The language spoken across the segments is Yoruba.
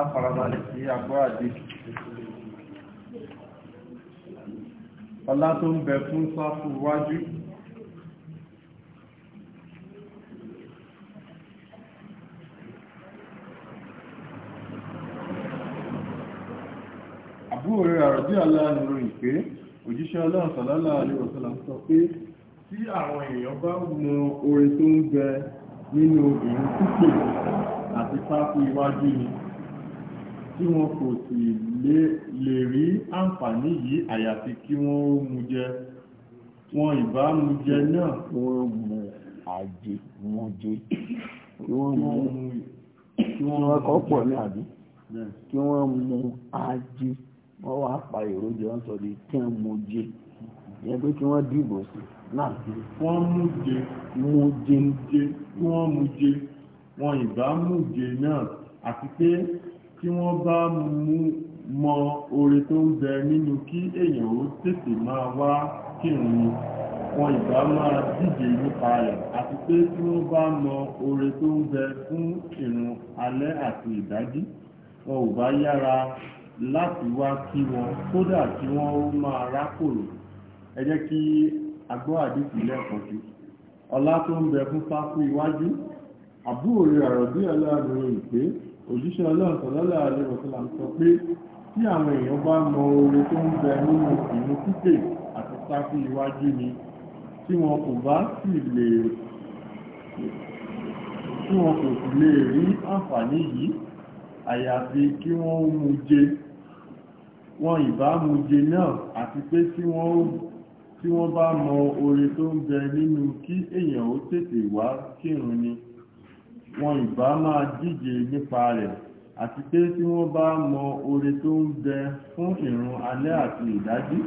afarabalẹ̀ sí agbára dìkì ọlá tó ń bẹ fún sáfù wájú àbúrò rẹ̀ àrọ̀dí aláàrin ròyìn pé òjíṣẹ́ ọlọ́run sọ̀lọ́lá àríwọ̀sọ́lá sọ pé tí àwọn èèyàn bá mọ oore tó ń bẹ nínú obìnrin púpọ̀ àti sáfù iwájú ni tí wọn kò sì lè rí àǹfààní yìí àyàfi kí wọ́n ó mu jẹ wọn ìbá mu jẹ náà wọ́n mu àjè mu jẹ kí wọ́n mu kí wọ́n kọ́ pọ̀ ní àbí kí wọ́n mu àjè wọ́n wá pa èròjẹ wọ́n sọ di kí wọ́n mu jẹ yẹn pé kí wọ́n dìbò sí náà wọ́n mú jẹ mú jẹ wọ́n mú jẹ wọn ìbá mú jẹ náà àti pé kí wọ́n bá mú mọ oore tó ń bẹ nínú kí èèyàn ó tètè máa wá kírun ni wọn ìbá máa díje nípa rẹ̀ àti pé tí wọ́n bá mọ oore tó ń bẹ fún ìrun alẹ́ àti ìdájí wọn ò bá yára láti wá kí wọn kódà kí wọ́n ó máa rákòrò ẹ jẹ́ kí agbọ́ àdìsí lẹ́ẹ̀kan sí ọlá tó ń bẹ fún sáfù iwájú àbúrò rẹ̀ àròbí ọlọ́run ròyìn pé òjíṣẹ́ ọlọ́run tọ̀lọ́lá àlewọ̀tọ́lá sọ pé tí àwọn èèyàn bá mọ oore tó ń bẹ nínú ìrun pípè àti sáfù iwájú ni tí wọn kò bá sì lè tí wọn kò sì lè rí àǹfààní yìí àyàfi kí wọ́n mú jẹ wọn ìbá mú jẹ náà àti pé tí wọ́n tí wọ́n bá mọ oore tó ń bẹ nínú kí èèyàn ó tètè wá kírun ni wọn ìbá máa díje nípa rẹ̀ àti pé tí wọ́n bá mọ oore tó ń bẹ fún ìrun alẹ́ àti ìdájí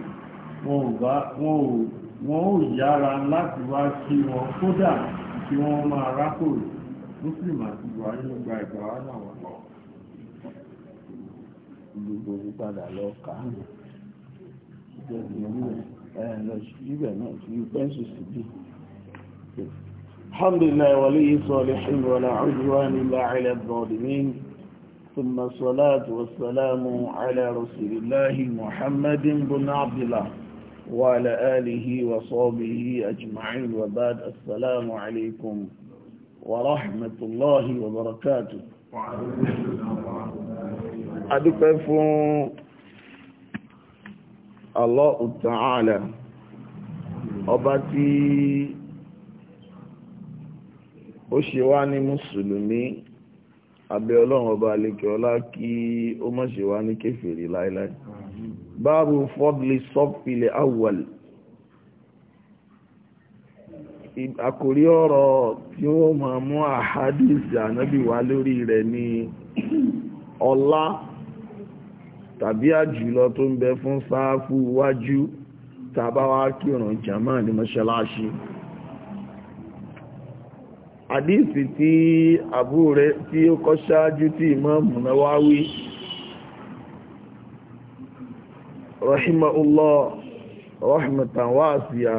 wọn ò yára láti wá kí wọn kódà kí wọ́n máa rákòrò muslim àti buhari ló gba ìgbà wa náà wà. gbogbo yípadà lọ kà á lọ sí ibẹ̀ náà sí pẹ́ńsì síbí. الحمد لله ولي الصالحين ولا عدوان إلا على الظالمين ثم الصلاة والسلام على رسول الله محمد بن عبد الله وعلى آله وصحبه أجمعين وبعد السلام عليكم ورحمة الله وبركاته adúpẹ́ fún Allah Ta'ala ọba ó ṣe wá ní mùsùlùmí abẹ́ ọlọ́run ọba alékẹ́ ọlá kí ó má ṣe wá ní kéfèrè láíláí báàbù fọ́dlì sọ́pìlẹ̀ awwal àkórí ọ̀rọ̀ tí ó ma mú àhádìsì ànábì wá lórí rẹ̀ ní ọlá tàbí àjùlọ tó ń bẹ fún sáàfù wájú tàbáwá kírun jàmáà ní mọ́ṣáláṣí àdíìsì tí àbú rẹ̀ tí ó kọ́ ṣáájú tí ìmáàmù Nawawi rahimahullah rahmatan wasi'a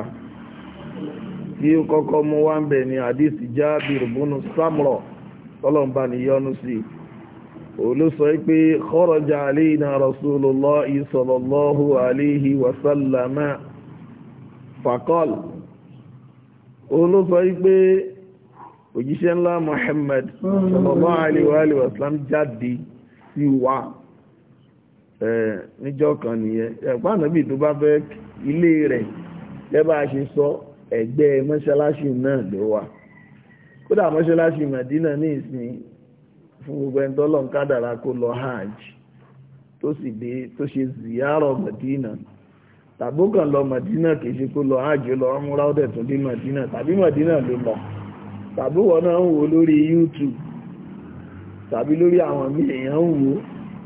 tí ó kọ́kọ́ mú wá ń bẹ̀ ní àdíìsì Jábir búnú Samra tọ́lọ̀mbà ni yọ́nú sí olóso pé kharaja alayna rasulullah òjíṣẹ́ ńlá Muhammad sallallahu alaihi wa sallam jáde sí wa níjọ́ kan nìyẹn ẹ̀pá ànábì tó bá fẹ́ ilé rẹ̀ lẹ́bàá ṣe sọ ẹ̀gbẹ́ mọ́ṣáláṣí náà ló wà kódà mọ́ṣáláṣí Mẹ̀dínà ní ìsìn fún gbogbo ẹni kádàrá kó lọ hajj tó sì dé tó ṣe ziyarọ̀ Mẹ̀dínà tàbókàn lọ Mẹ̀dínà kì ṣe kó lọ hajj lọ ọmúra ọdẹ tó dé Mẹ̀dínà tàbí Mẹ̀dínà ló lọ tàbí wọ́n náà ń wò lórí YouTube tàbí lórí àwọn míì èèyàn ń wò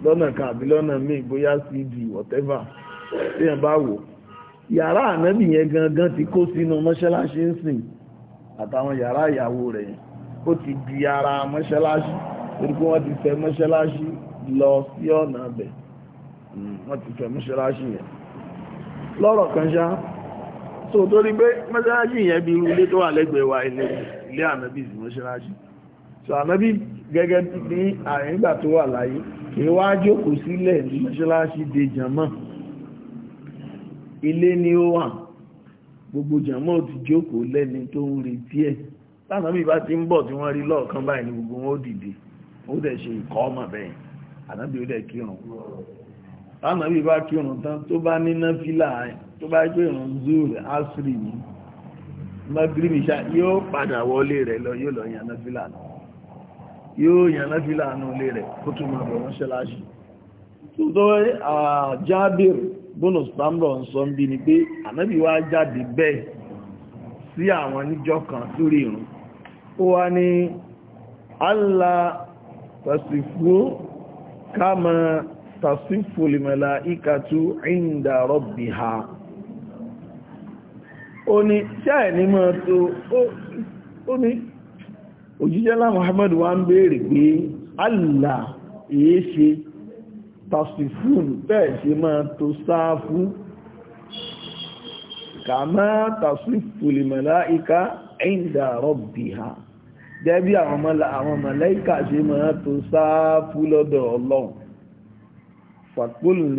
lọ́nà kan lọ́nà míì bóyá CD whatever téèyàn bá wò yàrá ànábì yẹn gangan ti kó sínú mọ́ṣáláṣí ń sìn àtàwọn yàrá ìyàwó rẹ̀ yẹn ó ti di ara mọ́ṣáláṣí torí pé wọ́n ti fẹ́ mọ́ṣáláṣí lọ sí ọ̀nà bẹ̀ hmm, wọ́n ti fẹ́ mọ́ṣáláṣí yẹn lọ́rọ̀ kan ṣá so torí pé mọ́ṣáláṣí yẹn bí irú ilé tó wà lẹ́gbẹ̀ẹ́ wa ilé yìí lé ànábì sí mọ́ṣáláṣí so ànábì gẹ́gẹ́ ní àyẹ̀ngbà tó wà láyé kì í wá jókòó sílẹ̀ ní mọ́ṣáláṣí de jàmọ́ ilé ni ó wà gbogbo jàmọ́ ti jókòó lẹ́ni tó ń retí ẹ̀ tánàbí bá ti ń bọ̀ tí wọ́n rí lọ́ọ̀kan báyìí ní gbogbo wọn ó dìde ó dẹ̀ ṣe ìkọ́ ọmọ bẹ́ẹ̀ ànábì ó dẹ̀ kírun tánàbí bá kírun tán tó bá níná fílà tó bá gbé ìrun zúrù asiri yìí mọ́gírìmìṣà yóò padà wọlé rẹ̀ lọ yóò lọ yànà fílànà yóò yànà fílànà olè rẹ̀ kó tún mọ̀ bọ̀ mọ́ṣáláṣí tó Jábìr bónú Samro ń sọ bí ni pé ànábì wá jáde bẹ́ẹ̀ sí àwọn níjọ́ kan sórí ìrun ó wá ní Allah tàṣífú káàmà tàṣífú lìmọ̀lá ìkàtú ìndà rọ̀bì ha Oni ní ṣẹ́ẹ̀ ní mọ́ tó ó ní òjíṣẹ́ láwọn Muhammad wá ń béèrè pé Allah èé ṣe tasifun bẹ́ẹ̀ ṣe máa tó sáà fún kàmá tasifu lè màláìka ẹ̀yìndà rọ̀bì ha gẹ́bí àwọn màláìka ṣe máa tó sáà lọ́dọ̀ Ọlọ́run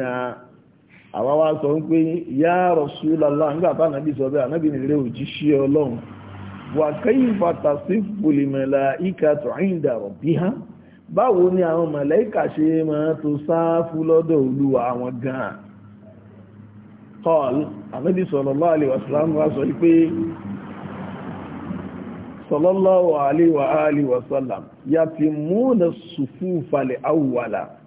àwa wá sọ ń pé yá Rasulullah nígbà tá ànábì sọ bẹ́ẹ̀ ànábì nílé òjíṣẹ́ ọlọ́run wà kẹ́yìn bàtà sí pòlìmọ̀lá ìka tó àyíǹda bí hàn báwo ni àwọn mọ̀lẹ́kà ṣe máa tó sáfù lọ́dọ̀ olúwa àwọn gan-an kọ́ọ̀lù ànábì sallallahu alaihi wá sọ pé sallallahu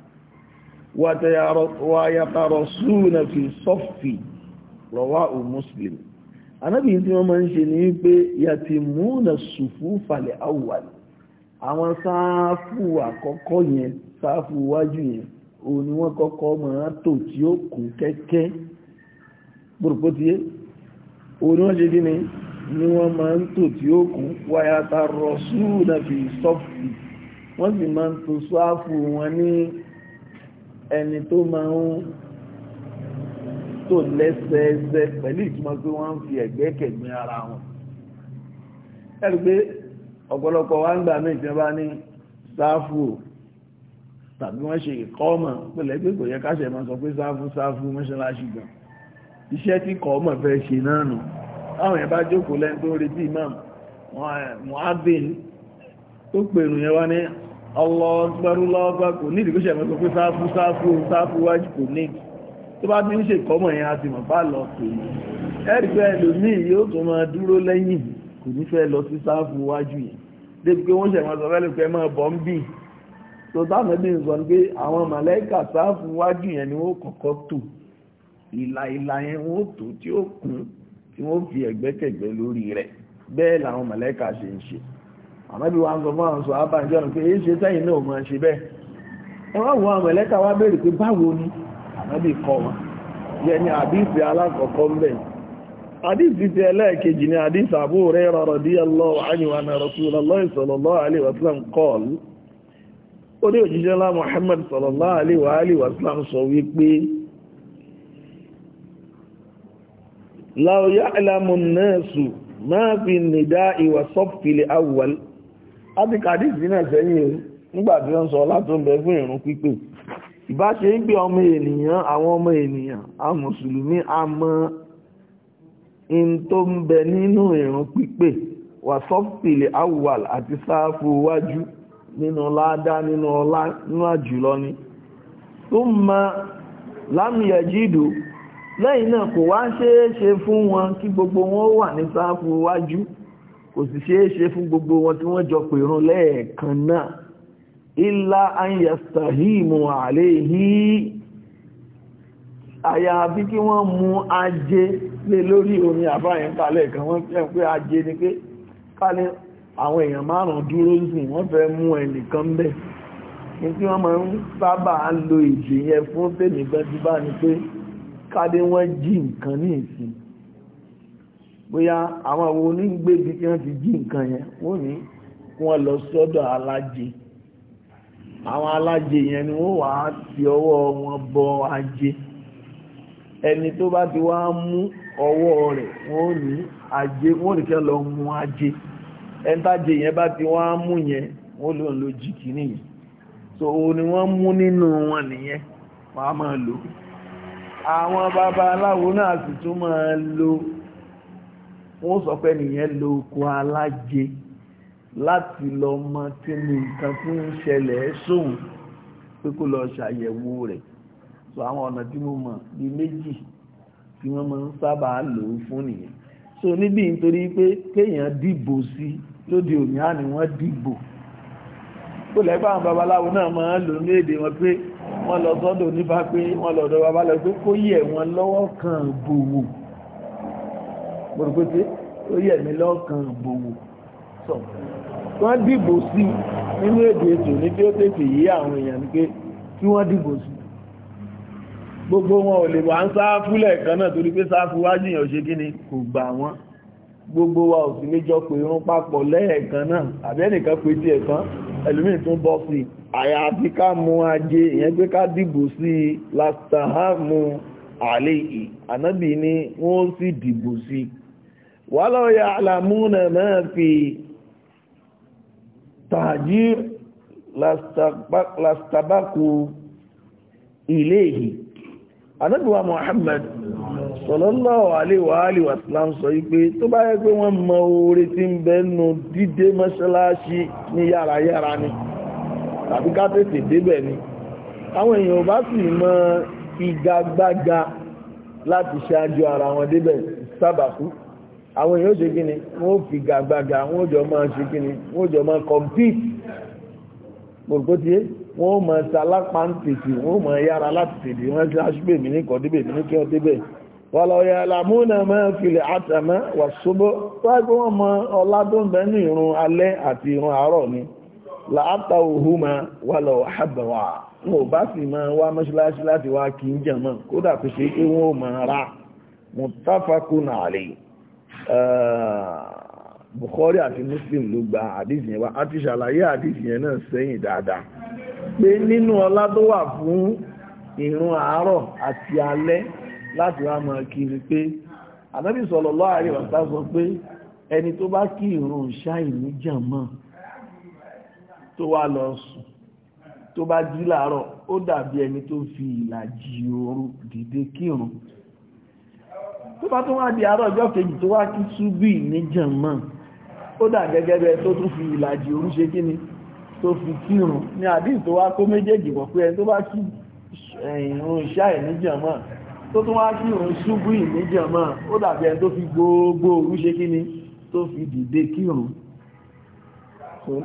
wàyàtàrọ̀súnà fi sọ́fì rọwá o muslim anábìyí tí wọ́n máa ń ṣe ní wípé yàtì múnà sùfú falẹ̀ awwal àwọn sáàfù àkọ́kọ́ yẹn sáàfù wájú yẹn o ni wọ́n kọ́kọ́ máa tò tí ó o ni won ṣe kí ni ni wọ́n máa ń tò tí ó kún wàyàtàrọ̀súnà fi sọ́fì wọ́n sì ma ń ẹni tó máa ń tò lẹ́sẹẹsẹ pẹ̀lú ìtumọ̀ pé wọ́n ń fi ẹ̀gbẹ́kẹ̀gbẹ́ ara wọn ẹ̀rù pé ọ̀pọ̀lọpọ̀ wá ń gbà mí ìtẹ́ bá ní sáfù tàbí wọ́n ṣe ìkọ́ ọmọ pẹ̀lẹ́ pé kò yẹ káṣẹ̀ máa sọ pé sáfù sáfù mọ́ṣáláṣí gan iṣẹ́ tí kọ́ ọmọ fẹ́ ṣe náà nù táwọn yẹn bá jókòó lẹ́ni tó ń retí imam muhammed tó pèrò yẹn wá ní ọlọ́gbẹ́rúlọ́gbẹ́ kò ní ìdíkóṣẹ̀ mọ́ sọ pé sáfú sáfú sáfú wájú kò ní tó bá ti ń ṣe kọ́mọ̀ yẹn a ti mọ̀ bá lọ pè ní ẹ̀rìfẹ́ ẹlòmíì yóò tún máa dúró lẹ́yìn kò ní fẹ́ lọ sí sáfú wájú yẹn débi pé wọ́n ṣẹ̀ mọ́ sọ fẹ́ lópẹ́ mọ́ bọ́ ń bì tó táwọn ẹbí ń sọ pé àwọn màlẹ́kà sáfú wájú yẹn ni wọ́n kọ́kọ́ tò ìlà ìlà yẹn wọ́n tò tí ó kún tí wọ́n fi ẹ̀gbẹ́kẹ̀gbẹ́ lórí rẹ̀ bẹ́ẹ̀ làwọn màlẹ́kà ṣe ń ṣe àmọ́bí wa ń sọ fún àwọn sọ àbájọ́ pé èyí ṣe sẹ́yìn náà mọ́ ṣe bẹ́ẹ̀ ẹwọ́n wọ́n àwọn ẹ̀lẹ́ta wá bèèrè pé báwo ni àmọ́bí kọ́ wọn yẹ ni àdífì alákọ̀ọ́kọ́ ń bẹ̀ àdífì ti ẹlẹ́ẹ̀kejì ni àdífì Abu Huraira radiyallahu anhu anna Rasulullahi sallallahu alaihi wasallam qal ó ní òjíṣẹ́ ńlá Muhammad sallallahu alaihi wasallam sọ fi an-nida'i awwal láti kàdíìsì náà sẹ́yìn o nígbà tí wọ́n sọ ọlá tó ń bẹ fún ìrun pípè ìbá ṣe ń pè ọmọ ènìyàn àwọn ọmọ ènìyàn a mùsùlùmí a mọ in tó ń bẹ nínú ìrun pípè wà sọ́fìlì awwal àti sáfù wájú nínú ládá nínú ọlá nínú àjùlọ ni tó ma lámìyàjídò lẹ́yìn náà kò wá ṣeéṣe fún wọn kí gbogbo wọn wà ní sáfù wájú kò sì ṣeé ṣe fún gbogbo wọn tí wọ́n jọ pèrún lẹ́ẹ̀kan náà ilá anyastahimu àléhí àyàfi kí wọ́n mú ajé lé lórí omi àbáyẹn kalẹ̀ kan wọ́n fẹ́ pé ajé ni pé kálẹ̀ àwọn èèyàn márùn-ún dúró sí wọ́n fẹ́ mú ẹnìkan bẹ́ẹ̀ ní tí wọ́n máa ń sábà lo ìjìyẹ fún tèmìgbẹ́ ti bá ní pé kádé wọ́n jí nǹkan ní ìsìn bóyá àwọn àwọn onígbèbí tí wọ́n ti jí nǹkan yẹn wọ́n ní kí wọ́n lọ sọ́dọ̀ alájẹ àwọn alájẹ yẹn ni wọ́n wà á ti ọwọ́ wọn bọ ajé ẹni tó bá ti wá mú ọwọ́ rẹ̀ wọ́n ní ajé wọ́n ní kí wọ́n lọ mú ajé ẹni yẹn bá ti wá mú yẹn wọ́n lò ń lo kìíní yìí so òun ni wọ́n mú nínú wọn nìyẹn wọ́n á máa lò àwọn babaláwo náà sì tún máa lò wọ́n sọ pé nìyẹn lo oko alájẹ láti lọ mọ tí ní nǹkan tí ń ṣẹlẹ̀ sóhun pé kó lọ ṣàyẹ̀wò rẹ̀ sọ àwọn ọ̀nà tí mo mọ̀ bíi méjì tí wọ́n máa ń sábà lò ó fún nìyẹn so níbi nítorí pé kéèyàn dìbò sí lóde òní á ní wọ́n dìbò kó lẹ́gbà àwọn babaláwo náà máa ń lò ní èdè wọn pé wọ́n lọ sọ́dọ̀ onífá pé wọ́n lọ́dọ̀ babaláwo pé kó yẹ̀ wọ́n lọ́wọ́ kan bòwò pòròpótí ó yẹ̀ mí lọ́kàn bòwò sọ wọ́n dìbò sí nínú èdè ètò ní tí ó tètè yí àwọn èèyàn ní pé kí wọ́n dìbò sí gbogbo wọn ò lè wà ń sááfú lẹ́ẹ̀kan náà torí pé sááfú wájú èèyàn ṣe kí ni kò gbà wọ́n gbogbo wa ò sì lè jọ pé wọ́n papọ̀ lẹ́ẹ̀kan náà àbẹ́nìkan pé tí ẹ̀kan ẹlòmíì tún bọ́ sí i àyàfi ká mú ajé ìyẹn pé ká dìbò sí i lástàhámù àlè ànábì ni wọ́n sì dìbò sí i walaw ya'lamuna ma fi tahjir lastabaku ilayhi anabiwa muhammad sallallahu alaihi wa alihi wasallam sọ wípé tó bá yẹ pé wọ́n mọ oore tí ń bẹ nù dídé mọ́ṣáláṣí ní yàrá-yàrá ni tàbí ká débẹ̀ ni àwọn èèyàn bá sì mọ ìgagbága láti ṣáájú ara wọn débẹ̀ sábàkú àwọn èèyàn ṣe kí ni wọ́n fi gàgbàgà wọ́n jọ máa ṣe kí ni wọ́n jọ máa compete gbogbo tí wọ́n máa ṣalápá ń tètè wọ́n máa yára láti tètè wọ́n ṣe aṣígbè mí ní kọ̀débẹ̀ mí ní kí wọ́n débẹ̀ wọ́n lọ yẹ lamúnà máa filẹ̀ àtàmọ́ wà ṣubú wáyé wọ́n mọ ọlá Eh, Bukhari àti Muslim ló gba àdìsí yẹn wá a ti ṣàlàyé àdìsí yẹn náà sẹ́yìn dáadáa pé nínú ọlá tó wà fún ìrun àárọ̀ àti alẹ́ láti wá máa kiri pé Ànábì sallallahu alaihi wasallam sọ pé ẹni tó bá kí ìrun ṣáì ní jàmọ́ tó wá lọ sùn tó bá jí láàárọ̀ ó dàbí ẹni tó fi ìlàjì òru dìde kírun tó bá tún wá di àárọ̀ ọjọ́ kejì tó wá kí ṣúbì ní jẹ̀mọ́ ó dà gẹ́gẹ́ bẹ tó tún fi ìlàjì òru kí ni tó fi kírun ní àdín tó wá kó méjèèjì pọ̀ pé ẹ tó bá kí ìrun eh, ìṣá ẹ̀ ní jẹ̀mọ́ tó tún wá kí ni tó fi dìde kírun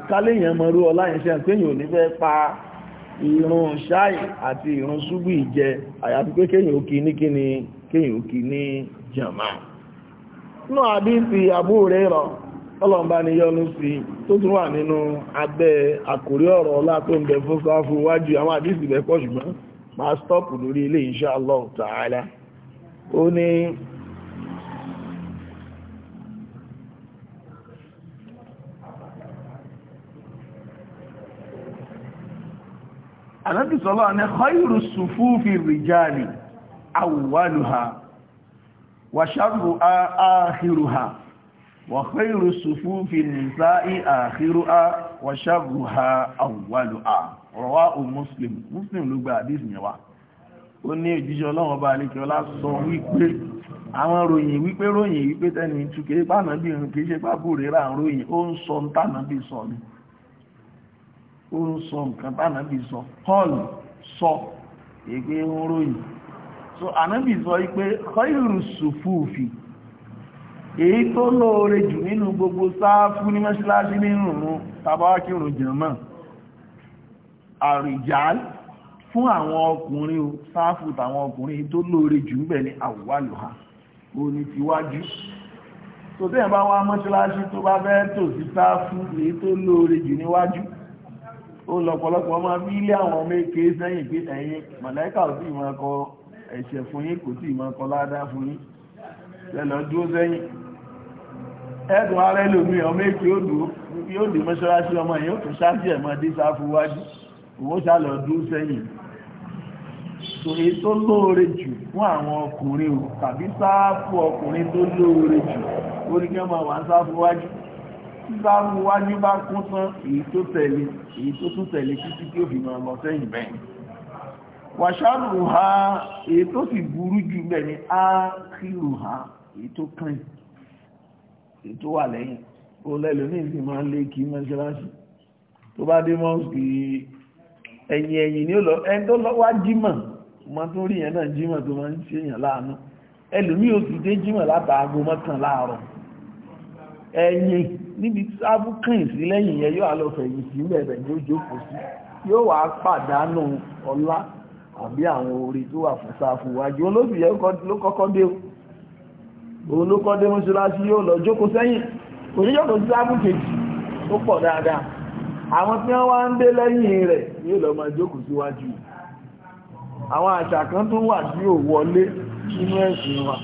káléèyàn mọ̀rú ọlá ìṣẹ́ péyìn ò ní fẹ́ pa ìrun ṣáì àti ìrun ṣúgbì jẹ àyàfi pé kéyìn òkì ní kíni kéyìn òkì ní jama nínú àdífi Abu Hurairah ọlọ́mbà ni yọ́nú sí tó tún wà nínú abẹ́ àkórí ọ̀rọ̀ ọlá ń bẹ fún ma wájú àwọn àdífi bẹ́ẹ̀ pọ̀ ṣùgbọ́n máa stọ́pù lórí ilé insha Allah ó ní ànábìsọ́lọ́ wàṣàrù ààhìrùhà wàhìrù sùfú fi nìsá ààhìrùhà wàṣàrù ha àwàlùhà rọwá o muslim muslim ló gba àdís yẹwa ó ní òjíṣẹ́ ọlọ́run ọba àlekẹ́ ọlá sọ wípé àwọn ròyìn wípé ròyìn wípé tẹ́ni túnkẹ́ pànàbí kìí ṣe pápú rẹ̀ ròyìn ó ń sọ ń tànàbí sọ ni ó ń sọ nǹkan tànàbí sọ hall sọ ègbé ń ròyìn so ànábì sọ wípé khairu sufufi èyí tó lóore jù nínú gbogbo sáàfù ní mọ́ṣíláṣí ní ìrùnrún tàbákìrùn jẹ̀mọ́ àrìjàl fún àwọn ọkùnrin sáàfù tàwọn ọkùnrin tó lóore jù ń bẹ̀ ní àwòwálùhà ó ní tiwájú tó tẹ́yìn bá wá mọ́ṣíláṣí tó bá fẹ́ tò sí sáàfù èyí tó lóore jù níwájú ó lọ́pọ̀lọpọ̀ máa bí ilé àwọn ọmọ èké sẹ́yìn pé ẹ̀yìn mọ̀lẹ́kà ò sí ìmọ̀ ọkọ̀ ẹ̀ṣẹ̀ fún yín kò tí ìmọ̀ kan ládá fún yín lẹ́lọ dúró sẹ́yìn ẹ̀dùn ara ẹlòmí ọmọ èkì yóò dì mọ́ṣọ́láṣí ọmọ yìí ó tún ṣáàtì ẹ̀mọ́ dísáfúwájú owó sálọ dúró sẹ́yìn so èyí tó lóore jù fún àwọn ọkùnrin o tàbí sáàfù ọkùnrin tó lóore jù ó ní kí ọmọ wà ń sáfúwájú tí sáfúwájú bá kún tán èyí tó tẹ̀lé èyí tó tún tẹ̀lé títí tí ó fi mọ̀ lọ sẹ́yìn bẹ́yìn wàṣánù ha èyí tó sì burú jù bẹ́ẹ̀ ni á kírù ha èyí tó kàn èyí tó wà lẹ́yìn ó lẹ́lòmíì sì máa lé kí mọ́ṣáláṣí tó bá dé mọ́sùkì ẹ̀yìn ẹ̀yìn ni ó lọ ẹni tó lọ wá jímọ̀ mọ́ tó rí yẹn náà jímọ̀ tó máa ń ṣèyàn láàánú ẹlòmíì ó sì dé jímọ̀ látàgò mọ́kàn láàárọ̀ ẹ̀yìn níbi sábú kàn sí lẹ́yìn yẹn yóò àlọ́fẹ̀yìn sí bẹ̀rẹ̀ yóò jókòó sí yóò wá pàdánù ọlá àbí àwọn orí tó wà fún sáfù wájú olóbìyẹ ló kọ́kọ́ dé òun ló kọ́ dé mọ́ṣáláṣí yóò lọ jókòó sẹ́yìn kò ní jókòó sí sáfù kejì tó pọ̀ dáadáa àwọn tí wọ́n wá ń dé lẹ́yìn rẹ̀ yóò lọ máa jókòó síwájú àwọn àṣà kan tó wà tí ò nínú ẹ̀sìn wa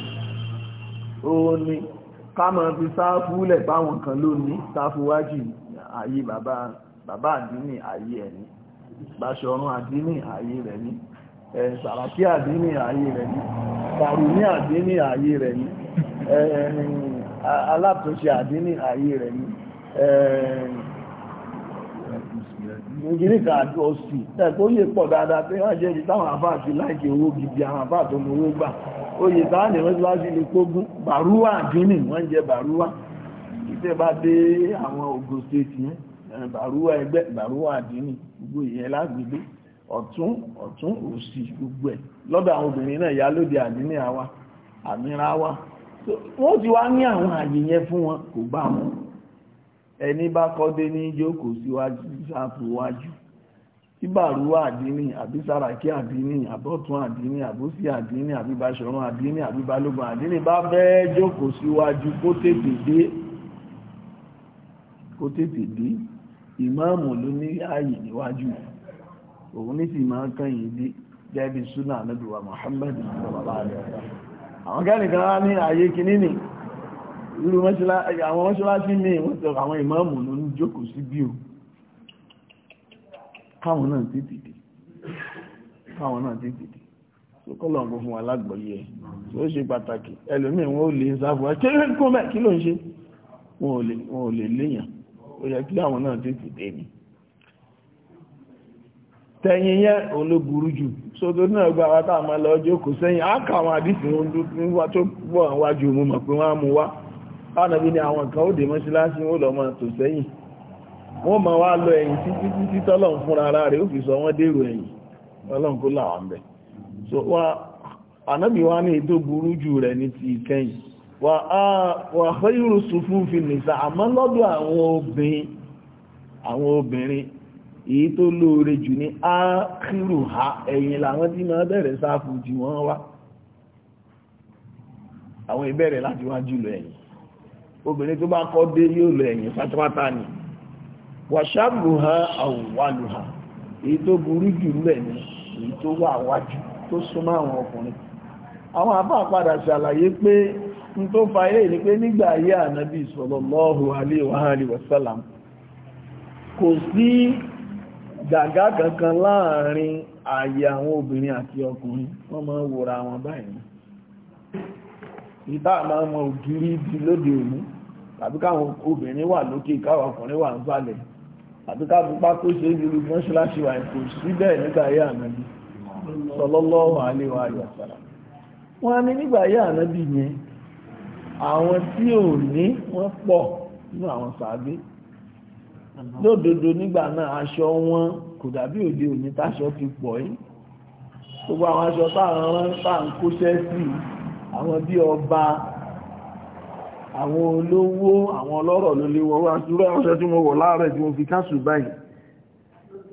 òun ni ká máa fi sáfù lẹ̀ báwọn kan lónìí sáfù wájú ayé bàbá àdínì ayé ẹni bàṣọ̀run àdínì ayé rẹ̀ ni ṣàràkí àdínì ààyè rẹ̀ ní ṣàrùmí àdínì ààyè rẹ̀ ní alátúnṣe àdínì ààyè rẹ̀ ní ìgbìríkà àti ọ̀sì ẹ̀kọ́ yìí pọ̀ dáadáa pé wọ́n jẹ́ ibi táwọn àfáà ti láìkì owó gidi àwọn àfáà tó mú owó gbà oyè táwọn ni wọ́n ti láti lè kógún bàrúwà àdínì wọ́n jẹ́ bàrúwà ìtẹ́ bá dé àwọn Ògùn ọ̀tún ọ̀tún òsì gbogbo ẹ̀ lọ́dọ̀ àwọn obìnrin náà ìyálóde àdínní àwa àmìra wa wọ́n ti wá ní àwọn àyè yẹn fún wọn kò bá wọn ẹni bá kọ́dé ní jókòó síwájú sáàpù wájú ìbàrúwà àdínì àbí sàràkí àdínì àbọ̀tún àdínì àbúsí àdínì àbíbaṣọ̀run àdínì àbíbalógun àdínì bá bẹ́ẹ̀ jókòó síwájú kó kó tètè dé ìmáàmù ló ní ààyè níwájú yìí òun ní sì máa kàn yìí bí gẹ́bí súnà anábìwà Muhammad àwọn kẹ́nìkan wá ní ayé kìíní ni irú àwọn mọ́ṣáláṣí ní wọ́n tẹ àwọn ìmáàmù ló ń jókòó sí bí o káwọn náà ti dìde káwọn náà ti dìde tó kọ́lọ̀ ń kó fún alágbọ̀yẹ tí ó ṣe pàtàkì ẹlòmíì wọn ò lè sáfù ẹ kí ló ń ṣe wọn lè léèyàn ó yẹ kí àwọn náà ti dìde ni tẹ̀yìn yẹn òun ló burú jù sódó náà gba wa tá a máa lọ jókòó sẹ́yìn á kà àwọn àdìsí wọn wá tó wọ̀ wájú mo mọ̀ pé wọ́n á mú wá ánàbí ni àwọn kan ó dè mọ́ṣáláṣí wọn lọ máa tò sẹ́yìn wọ́n máa wá lọ ẹ̀yìn títí títí tọ́lọ́n ara rẹ̀ ó fi sọ wọ́n dèrò ẹ̀yìn so wá ànábì wá ní ètò burú jù rẹ̀ ní ti ìkẹyìn wà á fẹ́ yúrù sùn fún fi nìsa èyí tó lóore jù ní ákírù ha ẹ̀yìn làwọn tí máa bẹ̀rẹ̀ sáfù jù wọ́n wá àwọn ìbẹ̀rẹ̀ láti wá jùlọ ẹ̀yìn obìnrin tó bá kọ́ dé yóò lọ ẹ̀yìn pátápátá ni wàṣàbù ha àwòwálù ha èyí tó burú jù lẹ̀ ni èyí tó wà wájú tó súnmọ́ àwọn ọkùnrin àwọn àbá padà ṣàlàyé pé n tó fa pé nígbà ayé ànábì sallallahu alaihi wa alihi kò sí gàgá kankan láàrin ààyè àwọn obìnrin àti ọkùnrin wọ́n máa ń wòra wọn báyìí ìta àmà ọmọ ògiri di lóde òní tàbí káwọn obìnrin wà lókè káwọn ọkùnrin wà ń balẹ̀ tàbí káwọn pákó ṣe é lórí mọ́ṣáláṣí wà kò sí nígbà ayé ànábì sallallahu alaihi wa sallam wọ́n á ní nígbà ayé ànábì yẹn àwọn tí ò ní lódodo nígbà náà aṣọ wọn kò dàbí òde òní táṣọ ti pọ̀ yìí gbogbo àwọn aṣọ táwọn rán táà ń kóṣẹ́ sí àwọn bí ọba àwọn olówó àwọn ọlọ́rọ̀ ló lè wọ aṣúrẹ́ aṣọ tí mo wọ̀ láàárẹ̀ tí mo fi káṣù báyìí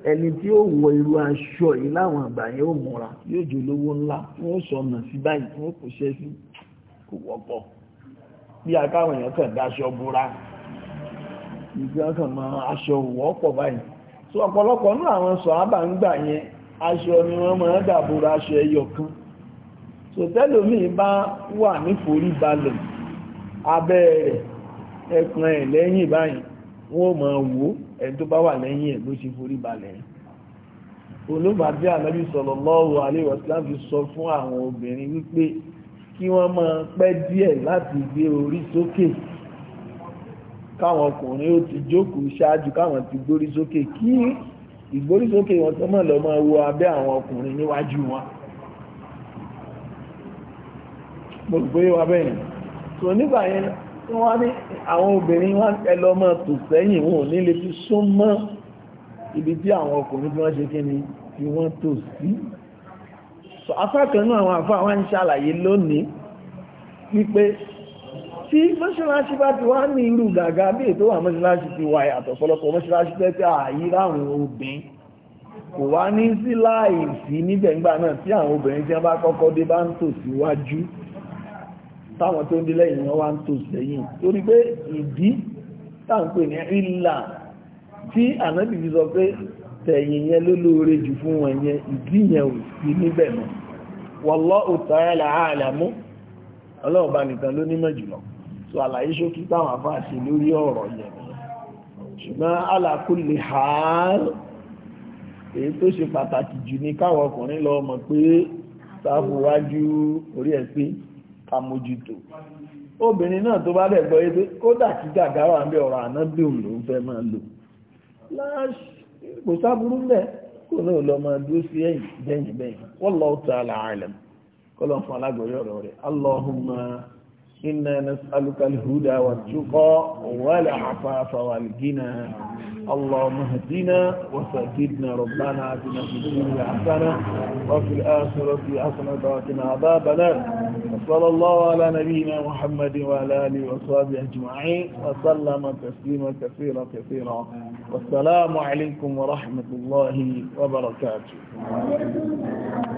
ẹni tí ó wọ irú aṣọ yìí láwọn àgbà yẹn ó múra yóò jẹ́ olówó ńlá tí wọ́n sọnà sí báyìí tí wọ́n kò ṣẹ́ sí kò wọ́pọ̀ bí akáwọn èèyàn kàn dáṣọ búra ìgbìyànjú máa aṣọ wọ́pọ̀ báyìí so ọ̀pọ̀lọpọ̀ ní àwọn sọ̀hábà ń gbà yẹn aṣọ ni wọ́n máa dàbòrò aṣọ ẹyọ kan so tẹ́lòmí bá wà ní forí balẹ̀ abẹ́ rẹ̀ ẹkùn ẹ̀ lẹ́yìn báyìí wọ́n máa wò ẹni tó bá wà lẹ́yìn ẹ̀ ló ṣe forí balẹ̀ olóbàdé ànábì sallallahu alaihi wasallam fi sọ fún àwọn obìnrin wípé kí wọ́n máa pẹ́ díẹ̀ láti káwọn ọkùnrin ó ti jókòó ṣáájú káwọn ti gbórí sókè kí ìgbórí sókè wọn tó mọ̀ lọ máa wo abẹ́ àwọn ọkùnrin níwájú wọn mo rò pé wà bẹ́ẹ̀ tó nígbà yẹn wọ́n ní àwọn obìnrin wọn ẹlọ máa tò sẹ́yìn wọn ò ní lè fi sún mọ́ ibi tí àwọn ọkùnrin tí wọ́n ṣe kí ni tí wọ́n tò sí afẹ́kẹ̀ẹ́nú àwọn àfáà wọ́n ń ṣàlàyé lónìí wípé tí mọ́ṣáláṣí bá ti wá ní irú gàgà bí ètò wà mọ́ṣáláṣí ti wà yàtọ̀ pọ̀lọpọ̀ mọ́ṣáláṣí pẹ́pẹ́ àyíra àwọn obìnrin kò wá ní sí láìsí nígbẹ̀ngbà náà tí àwọn obìnrin tí wọ́n bá kọ́kọ́ dé bá ń tò síwájú táwọn tó ń dé lẹ́yìn wọn wá ń tò sẹ́yìn torí pé ìdí táǹpẹ̀ ní ìlà tí ànábì fi sọ pé tẹ̀yìn yẹn ló lóore jù fún wọn yẹn ìdí yẹn ò sí níbẹ̀ mọ́ wallahu ta'ala a'lamu ọlọ́ọ̀bá nìkan ló nímọ̀ jùlọ so àlàyé ṣókí táwọn àfáà ṣe lórí ọ̀rọ̀ yẹn ṣùgbọ́n alákùnlé hàár èyí tó ṣe pàtàkì jù ní káwọn ọkùnrin lọ mọ̀ pé sáàbù wájú orí ẹ̀ pé ká mójútó obìnrin náà tó bá dẹ̀ gbọ́ pé kódà kí gàgá wà ní ọ̀rọ̀ ànábì òun ló ń fẹ́ máa lò kò sáàbùrú mẹ́ kò náà lọ máa dúró sí ẹ̀yìn bẹ́yìn bẹ́yìn wallahu ta'ala alam kọ́lọ́ fún alágbọ̀yọ̀ rẹ̀ Allahumma إنا نسألك الهدى والتقى والعفاف والغنى اللهم اهدنا وسددنا ربنا آتنا في الدنيا حسنة وفي الآخرة حسنة وقنا عذاب النار وصلى الله على نبينا محمد وعلى آله وصحبه أجمعين وسلم تسليما كثيرا كثيرا والسلام عليكم ورحمة الله وبركاته